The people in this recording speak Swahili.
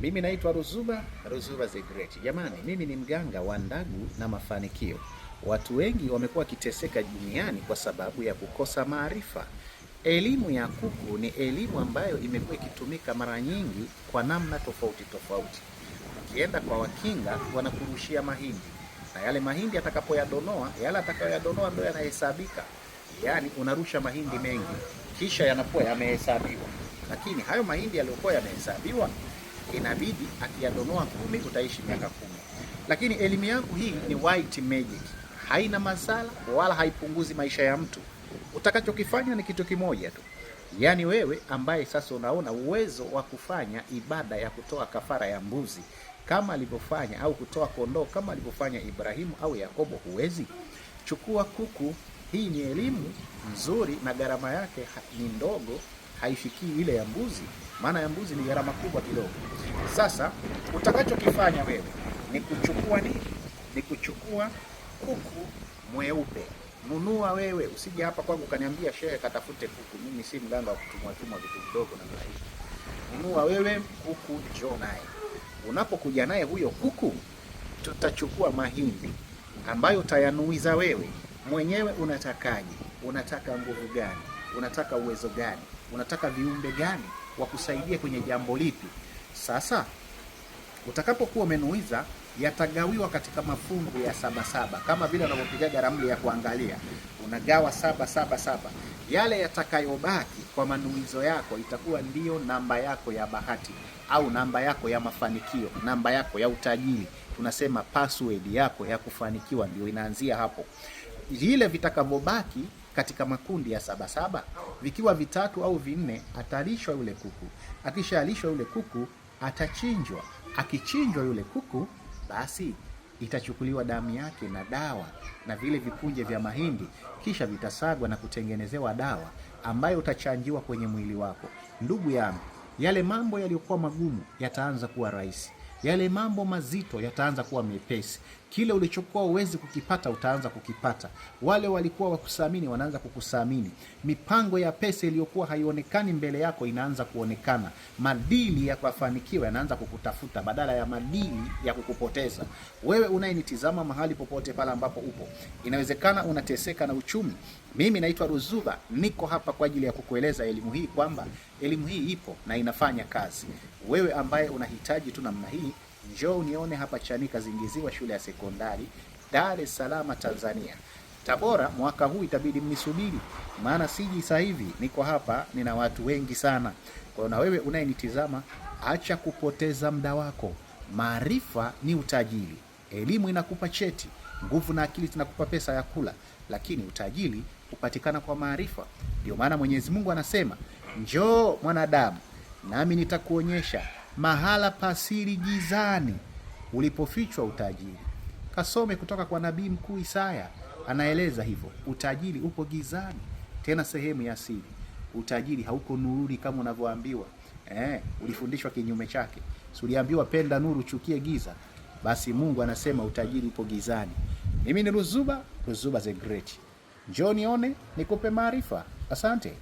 Mimi naitwa Ruzuba Ruzuba the Great. Jamani, mimi ni mganga wa ndagu na mafanikio. Watu wengi wamekuwa wakiteseka duniani kwa sababu ya kukosa maarifa. Elimu ya kuku ni elimu ambayo imekuwa ikitumika mara nyingi kwa namna tofauti tofauti. Ukienda kwa wakinga, wanakurushia mahindi na yale mahindi atakapoyadonoa, yale atakayoyadonoa ndio yanahesabika, yaani unarusha mahindi mengi, kisha yanakuwa yamehesabiwa, lakini hayo mahindi yaliyokuwa yamehesabiwa inabidi akiyadonoa kumi utaishi miaka kumi. Lakini elimu yangu hii ni white magic, haina masala wala haipunguzi maisha ya mtu. Utakachokifanya ni kitu kimoja tu, yaani wewe ambaye sasa unaona uwezo wa kufanya ibada ya kutoa kafara ya mbuzi kama alivyofanya au kutoa kondoo kama alivyofanya Ibrahimu au Yakobo, huwezi chukua kuku. Hii ni elimu nzuri na gharama yake ni ndogo haifikii ile ya mbuzi, maana ya mbuzi ni gharama kubwa kidogo. Sasa utakachokifanya wewe ni kuchukua nini? Ni kuchukua kuku mweupe. Nunua wewe, usije hapa kwangu kaniambia shehe, katafute kuku. Mimi si mganga wa kutumwa tumwa vitu vidogo na mlaishi. Nunua wewe kuku, njoo naye. Unapokuja naye huyo kuku, tutachukua mahindi ambayo utayanuiza wewe mwenyewe. Unatakaje? Unataka nguvu gani? Unataka uwezo gani? unataka viumbe gani wakusaidia kwenye jambo lipi. Sasa utakapokuwa umenuiza yatagawiwa katika mafungu ya saba saba, kama vile unavyopigaga ramli ya kuangalia, unagawa saba saba saba. Yale yatakayobaki kwa manuizo yako itakuwa ndiyo namba yako ya bahati au namba yako ya mafanikio, namba yako ya utajiri. Tunasema password yako ya kufanikiwa, ndio inaanzia hapo. Vile vitakavyobaki katika makundi ya sabasaba, vikiwa vitatu au vinne, atalishwa yule kuku. akishalishwa yule kuku atachinjwa. Akichinjwa yule kuku, basi itachukuliwa damu yake na dawa na vile vipunje vya mahindi, kisha vitasagwa na kutengenezewa dawa ambayo utachanjiwa kwenye mwili wako. Ndugu yangu, yale mambo yaliyokuwa magumu yataanza kuwa rahisi yale mambo mazito yataanza kuwa mepesi. Kile ulichokuwa uwezi kukipata utaanza kukipata. Wale walikuwa wakusamini wanaanza kukusamini. Mipango ya pesa iliyokuwa haionekani mbele yako inaanza kuonekana. Madili ya kufanikiwa yanaanza kukutafuta badala ya madili ya kukupoteza. Wewe unayenitizama mahali popote pale ambapo upo, inawezekana unateseka na uchumi, mimi naitwa Ruzuba, niko hapa kwa ajili ya kukueleza elimu hii kwamba elimu hii ipo na inafanya kazi. Wewe ambaye unahitaji tu namna hii, njoo nione hapa Chanika Zingiziwa, shule ya sekondari Dar es Salaam, Tanzania. Tabora mwaka huu itabidi mnisubiri, maana siji sasa hivi, niko hapa, nina watu wengi sana. Kwa hiyo na wewe unayenitizama, acha kupoteza muda wako. Maarifa ni utajiri. Elimu inakupa cheti, nguvu na akili zinakupa pesa ya kula, lakini utajiri kupatikana kwa maarifa. Ndio maana Mwenyezi Mungu anasema, njoo mwanadamu, nami nitakuonyesha mahala pasiri gizani ulipofichwa utajiri. Kasome kutoka kwa nabii mkuu Isaya, anaeleza hivyo. Utajiri upo gizani, tena sehemu ya siri. Utajiri hauko nuruni kama unavyoambiwa. Eh, ulifundishwa kinyume chake. suliambiwa penda nuru, chukie giza. Basi Mungu anasema utajiri upo gizani. Mimi ni Ruzuba, Ruzuba the Great. Njoo nione, nikupe maarifa. Asante.